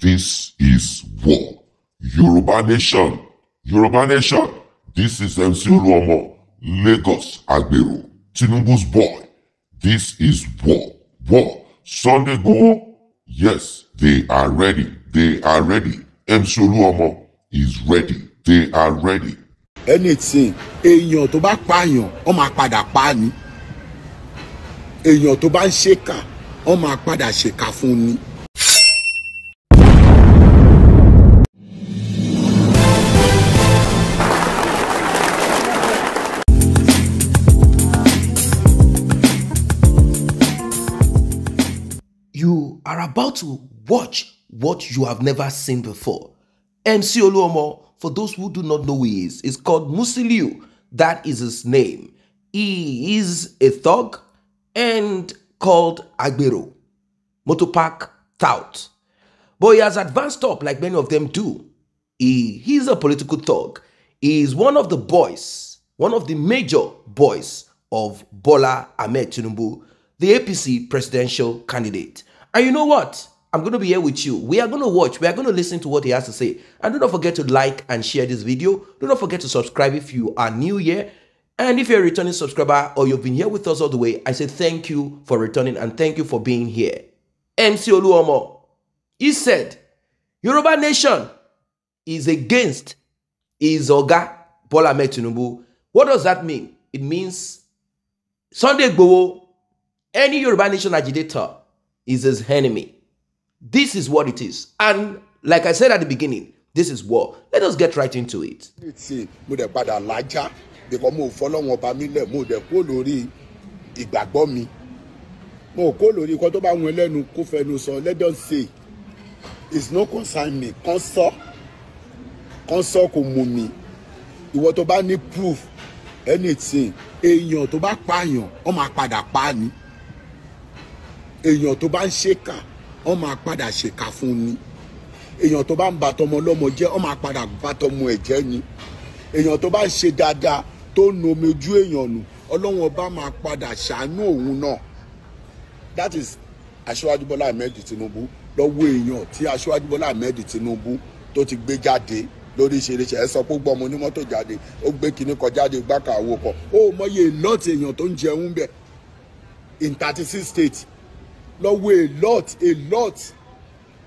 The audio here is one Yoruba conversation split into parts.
This is war. Yoruba Nation. Yoruba Nation. This is MC Oluomo. Lagos Agbero. Tinubu's boy. This is war. War. Sunday go. Yes, they are ready. They are ready. MC Oluomo is ready. They are ready. Anything. Èèyàn tó bá pààyàn, ó máa padà pa ni. Èèyàn tó bá ń ṣèkà, ó máa padà ṣèkà fún ni. about to watch what you have never seen before. MC Oluomo, for those who do not know who he is, is called Musiliu. That is his name. He is a thug and called Agbero, Motopak Tout. But he has advanced up like many of them do. He, is a political thug. He is one of the boys, one of the major boys of Bola Ahmed Tinubu, the APC presidential candidate. And you know what? I'm going to be here with you. We are going to watch. We are going to listen to what he has to say. And do not forget to like and share this video. Do not forget to subscribe if you are new here. And if you're a returning subscriber or you've been here with us all the way, I say thank you for returning and thank you for being here. MC Oluomo, he said, Yoruba nation is against Izoga Bola Tinubu. What does that mean? It means Sunday Gbowo, any Yoruba nation agitator is his enemy. This is what it is. And like I said at the beginning, this is war. Let us get right into it. mo dẹ̀ padà lájà bíkọ́ mo fọlọ́wọ́n ọba mi lẹ̀ mo dẹ̀ kó lórí ìgbàgbọ́ mi mo kó lórí ikọ́ tó bá wọn lẹ́nu kó fẹnu it's no concern me consor sọ kàn sọ kò mú mi ìwọ tó bá ní proof anything èèyàn tó bá pààyàn ó máa padà pa ni èèyàn tó bá ń ṣèkà wọ́n máa padà ṣèkà fún ni èèyàn tó bá ń bàtọmọ ọlọ́mọ jẹ́ wọ́n máa padà bàtọmọ ẹ̀ jẹ́ ni èèyàn tó bá ń ṣe dáadáa tó ń nomi ojú èèyàn nù ọlọ́run ọba máa padà ṣàánú òun náà that is aṣíwájú bọ́lá ahmed tinubu lọ́wọ́ èèyàn tí aṣíwájú bọ́lá ahmed tinubu tó ti gbé jáde lórí ìṣeréṣe ẹ sọ pé gbọ́ ọmọ onímọ́tò jáde ó gbé kinní kan jáde gbáka àwo kan ó mọyé lọ́ọ̀tì èèyàn tó ń jẹun bẹ̀ in thirty six states lọ a lot a lot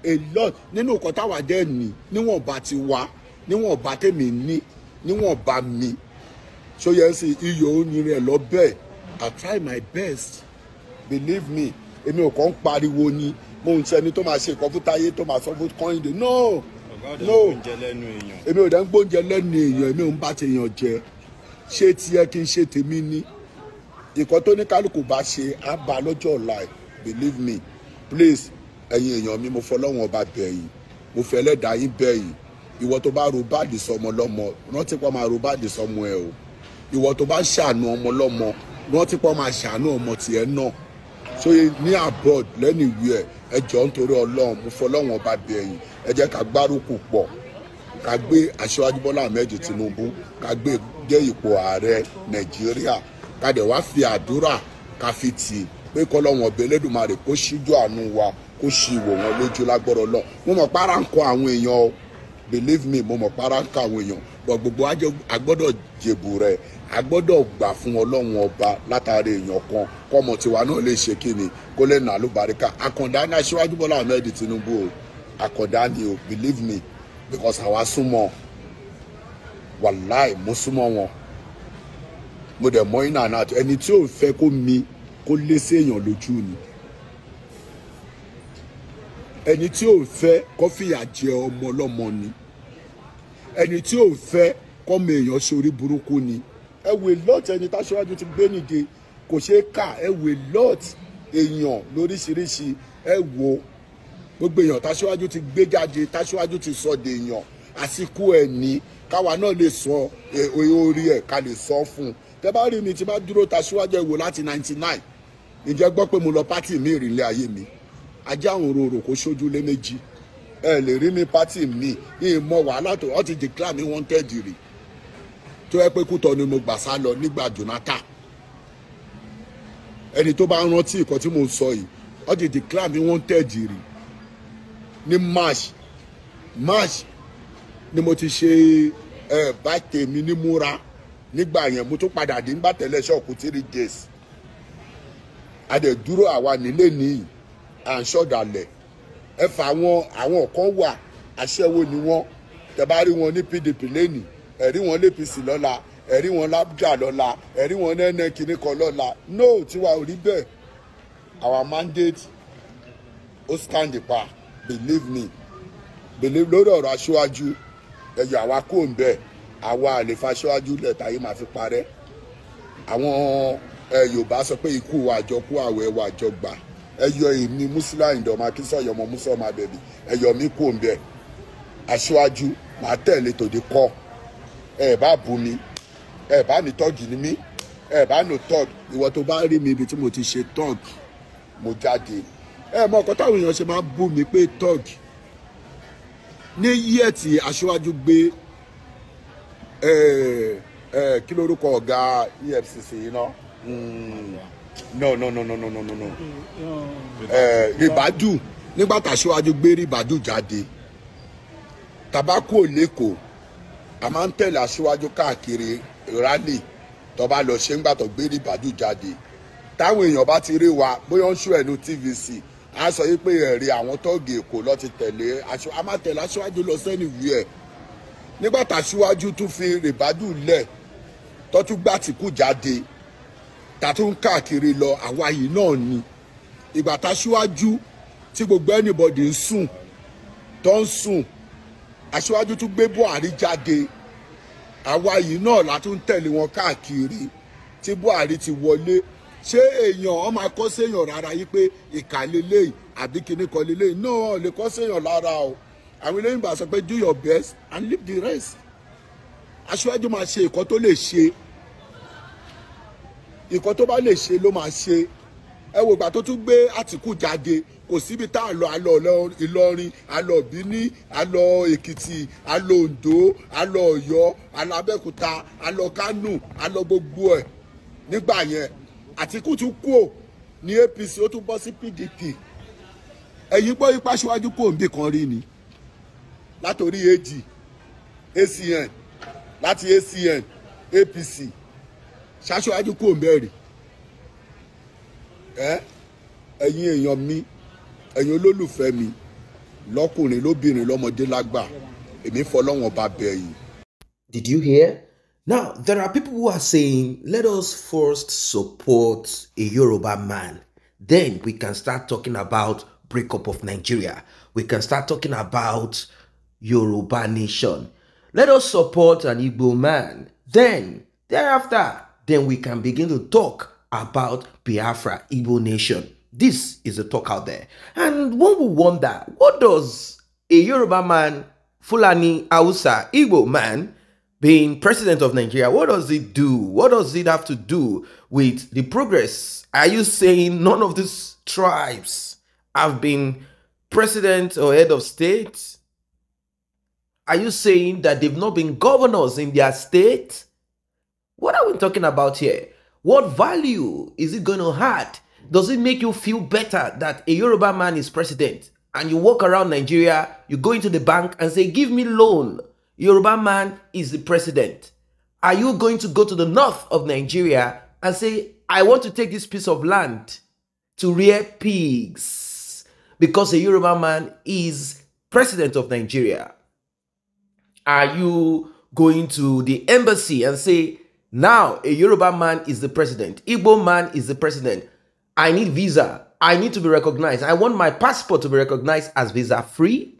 a lot nínú nǹkan táwa jẹ́ ní níwọ̀nba ti wá níwọ̀nba tèmi ní níwọ̀nba mi so yẹn sì iyọ̀ oyin rẹ̀ lọ bẹ́ẹ̀ I try my best believe me èmi ò kàn ń pariwo ni mo ń sẹni tó máa ṣe nǹkan fún táyé tó máa sọ fún kọ́hìndé no no èmi ò dá ń gbóúnjẹ lẹ́nu èèyàn èmi ò ń bá ti èèyàn jẹ ṣé tiẹ̀ kí n ṣe tèmi ní ìkọ́ tó ní kálukú bá ṣe á bá lọ́jọ́ ọ̀la ẹ̀ believe me please ẹ̀yin èèyàn mi mo fọlọ́wọ́n ọba bẹ̀ yín mo fẹ́ ẹlẹ́dàá yín bẹ̀ yín ìwọ tó bá ro báàdì sọmọ lọ́mọ rántí pọ́ máa ro báàdì sọmọ ẹ o ìwọ tó bá ṣàánú ọmọ lọ́mọ rántí pọ́ máa ṣàánú ọmọ tiẹ̀ náà so ní abroad lẹ́nu ìwé ẹ̀ ẹ jọ̀ọ́ nítorí ọlọ́run mo fọlọ́wọ́n ọba bẹ̀ yín ẹ jẹ́ ká gbárùkù pọ̀ ká gbé aṣíwájú bọ́lá ahmed tinubu ká gbé dé ipò ààrẹ nàìjíríà ká dẹ̀ wá fi àdúrà ká fi tì í pé kọlọ́wọ̀n ọbẹ̀ Elédùmarè kó ṣíjú àánú wa kó ṣì wò wọ́n lójú lágbọ́rọ̀ lọ mo mọ̀ para ń kọ àwọn èèyàn o believe me mo mọ̀ para ń kọ àwọn èèyàn bọ̀ gbogbo agbọ́dọ̀ jèbù rẹ̀ agbọ́dọ̀ gbà fún ọlọ́run ọba látàrí èèyàn kan kọ́mọ tiwa náà lè ṣe kí ni kó lè nà lóbaríkà àkàndá ní aṣíwájú Bọ́lá Ahmed Tinubu o àkàndá ni o believe me because àwa súnmọ́ wàláì mo súnmọ́ wọn mo dẹ̀ mọ́ iná náà ẹni tí ò fẹ́ kó mi kó lé sí èèyàn lójú ni ẹni tí ò fẹ́ kó fìyà jẹ ọmọ ọlọ́mọ ni ẹni tí ò fẹ́ kó mọ èèyàn sórí burúkú ni ẹ wò lọ́ọ̀tì ẹni táṣíwájú ti gbé nìde kò ṣeé kà ẹ wò lọ́ọ̀tì èèyàn lóríṣiríṣi ẹ wò gbogbo èèyàn táṣíwájú ti gbé jáde táṣíwájú ti sọ dèèyàn àsìkò ẹ̀ ní káwa náà lè sọ orí ẹ̀ ká lè sọ fún un tẹ bá rí mi tí bá dúró táṣíwájú ẹ wò láti ninety nine ǹjẹ́ gbọ́ pé mo lọ pátì mi ìrìnlẹ̀ ayé mi ajá àwọn òróró kò sójú lé méjì ẹ lè rí ní pátì mi yìí mọ wàhálà tó wọ́n ti declare mi wanted rè tó yẹ pé kútọ ni mo gbà sá lọ nígbà Jonathan ẹni tó bá rántí nǹkan tí mo sọ yìí wọ́n ti declare mi wanted rè ní March March ni mo ti ṣe ẹ bá tèmi ní múra nígbà yẹn mo tún padà dé nígbà tẹ́lẹ̀ ṣọ́ọ̀kù three days àdẹ̀dúró àwa nílé nìyí à ń sọ̀dàlẹ̀ ẹ fà àwọn àwọn kan wà aṣẹ́wó ni wọ́n tẹ́ bá rí wọn ní PDP lẹ́nìí ẹ rí wọn lẹ́pìsì lọ́la ẹ rí wọn lábújá lọ́la ẹ rí wọn nẹ́ẹ̀nẹ́ kínní kan lọ́la no tiwa ò rí bẹ́ẹ̀ our mandate ó stand pa believe me believe lórí ọ̀rọ̀ aṣáájú ẹ̀yọ̀ àwa kò ń bẹ̀ àwa àlefa aṣáájú lẹ́tà yìí máa fi parẹ́ àwọn yorùbá sọ pé ikú wa àjọkú àwẹ̀ wa àjọgbà ẹyọ èmi Musila Ayinde ọmọ Akínsọ̀yẹ ọmọ Musa ọmọ Abẹ́bí ẹyọ mi kò ń bẹ aṣíwájú màá tẹ̀lé tòde kọ́ ẹ bá bù mí ẹ bá ní tọ́jú ní mí ẹ bá ní tọ́d ìwọ tó bá rí mi ibi tí mo ti ṣe tọ́d mo jáde ẹ mọ ọkọ táwọn èèyàn ṣe máa bù mí pé tọ́d ní yíyẹ tí aṣíwájú gbé ẹ ẹ kí lórúkọ ọ̀gá EFCC yìí náà. Mm. no no no no no no no. ẹ ribadu eh, nígbà tàṣíwájú gbé ribadu jáde tabaku oleko a máa ń tẹ̀lé aṣíwájú káàkiri rally tó bá lọ ṣe ń gbàtọ̀ gbé ribadu jáde táwọn èèyàn bá ti rí wa bóyá ń ṣú ẹnu tvc a sọ yìí pé ẹ̀rí àwọn tọ́ọ̀gì èkó lọ ti tẹ̀lé a máa tẹ̀lé aṣíwájú lọ sẹ́ni wí ẹ̀ nígbà tàṣíwájú tún fi ribadu lẹ̀ tó tún gbàtìkù jáde ta tún káàkiri lọ àwa yìí náà ni ìgbà tá síwájú tí gbogbo anybody ń sùn tó ń sùn aṣíwájú tún gbé Buhari jáde àwa yìí náà la tún tẹ̀lé wọn káàkiri tí Buhari ti wọlé ṣé èèyàn ọmọ akọ́ séèyàn rárá yìí pé ìkà lélẹ́yìí àbí kíní kan lélẹ́yìí náà lè kọ́ séèyàn lára o àwọn eléyìnbá sọ pé do your best and leave the rest aṣíwájú máa ṣe ìkọ́ tó lè ṣe nǹkan tó bá lè ṣe ló máa ṣe ẹ wò ìgbà tó tún gbé àtìkù jáde kò síbi tá a lọ a lọ ìlọrin a lọ bíní a lọ èkìtì a lọ oǹdó a lọ ọ̀yọ́ a lọ abẹ́òkúta gbogbo ẹ̀ nígbà yẹn àtìkù tún kú ò ní apc ó tún bọ́ sí pdp ẹ̀yin gbọ́ ipá síwájú kò ń bì kan rí ni látòrí ag acn láti acn apc ṣáṣíwájú kò mẹ́rin ẹ ẹ̀yin èèyàn mi ẹ̀yin olólùfẹ́ mi lọ́kùnrin lóbìnrin lọ́mọdé lágbà èmi fọlọ́wọ́n bá bẹ̀ yín. Did you hear? Now, there are people who are saying, let us first support a Yoruba man. Then we can start talking about breakup of Nigeria. We can start talking about Yoruba nation. Let us support an Igbo man. Then, thereafter, then we can begin to talk about Biafra, Igbo nation. This is a talk out there. And one will wonder, what does a Yoruba man, Fulani, Hausa, Igbo man, being president of Nigeria, what does it do? What does it have to do with the progress? Are you saying none of these tribes have been president or head of state? Are you saying that they've not been governors in their state? What are we talking about here? What value is it going to add? Does it make you feel better that a Yoruba man is president? And you walk around Nigeria, you go into the bank and say, Give me loan. Yoruba man is the president. Are you going to go to the north of Nigeria and say, I want to take this piece of land to rear pigs because a Yoruba man is president of Nigeria? Are you going to the embassy and say, now, a Yoruba man is the president, Igbo man is the president. I need visa. I need to be recognized. I want my passport to be recognized as visa free.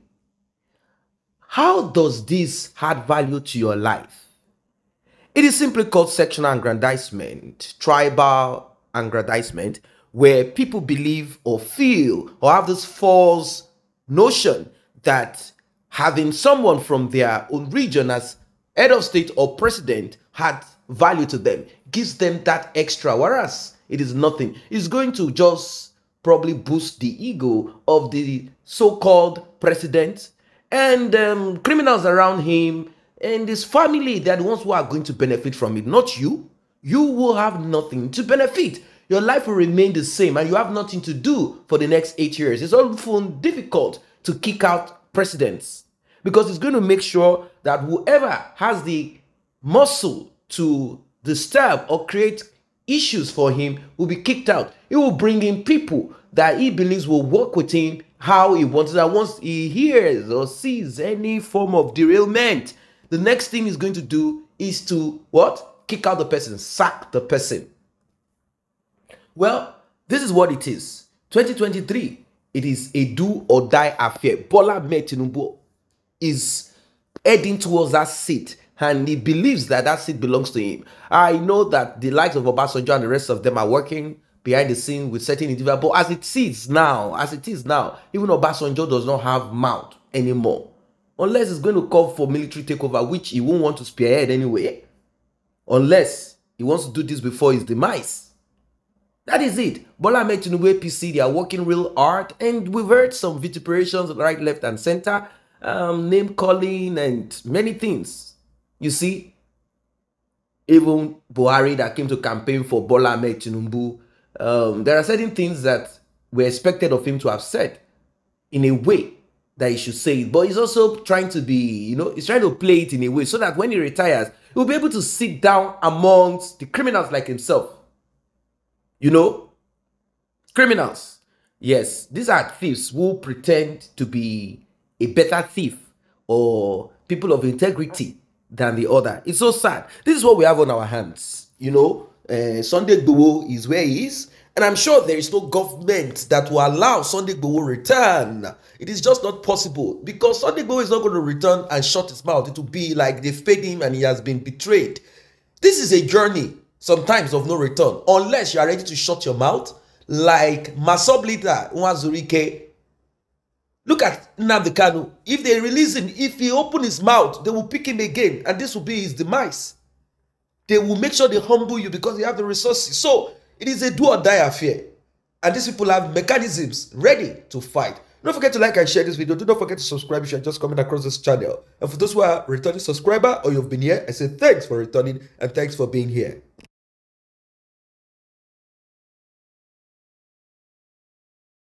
How does this add value to your life? It is simply called sectional aggrandizement, tribal aggrandizement, where people believe or feel or have this false notion that having someone from their own region as head of state or president had value to them, gives them that extra, whereas it is nothing. It's going to just probably boost the ego of the so called president and um, criminals around him and his family. They're the ones who are going to benefit from it, not you. You will have nothing to benefit. Your life will remain the same and you have nothing to do for the next eight years. It's often difficult to kick out presidents because it's going to make sure that whoever has the muscle to disturb or create issues for him will be kicked out. He will bring in people that he believes will work with him how he wants that once he hears or sees any form of derailment the next thing he's going to do is to what kick out the person sack the person well this is what it is 2023 it is a do or die affair bola Metinubu is heading towards that seat and he believes that that seat belongs to him. I know that the likes of Obasanjo and the rest of them are working behind the scene with certain individuals, but as it is now, as it is now, even Obasanjo does not have mouth anymore. Unless he's going to call for military takeover, which he won't want to spearhead anyway. Unless he wants to do this before his demise. That is it. Bola Ahmed Tinubu APC, they are working real hard, and we've heard some vituperations right, left, and center, um, name calling, and many things you see, even Buhari that came to campaign for Bola Ahmed Tinubu, um, there are certain things that were expected of him to have said in a way that he should say it. But he's also trying to be, you know, he's trying to play it in a way so that when he retires, he will be able to sit down amongst the criminals like himself. You know, criminals. Yes, these are thieves who pretend to be a better thief or people of integrity than the other. It's so sad. This is what we have on our hands. You know, uh, Sunday Gbowo is where he is. And I'm sure there is no government that will allow Sunday Gbowo return. It is just not possible because Sunday Gbowo is not going to return and shut his mouth. It will be like they've paid him and he has been betrayed. This is a journey sometimes of no return unless you are ready to shut your mouth like Masoblita Nwazurike Look at Nnamdi Kanu. If they release him, if he open his mouth, they will pick him again, and this will be his demise. They will make sure they humble you because you have the resources. So it is a do or die affair. And these people have mechanisms ready to fight. Don't forget to like and share this video. Do not forget to subscribe if you are just coming across this channel. And for those who are returning subscriber or you've been here, I say thanks for returning and thanks for being here.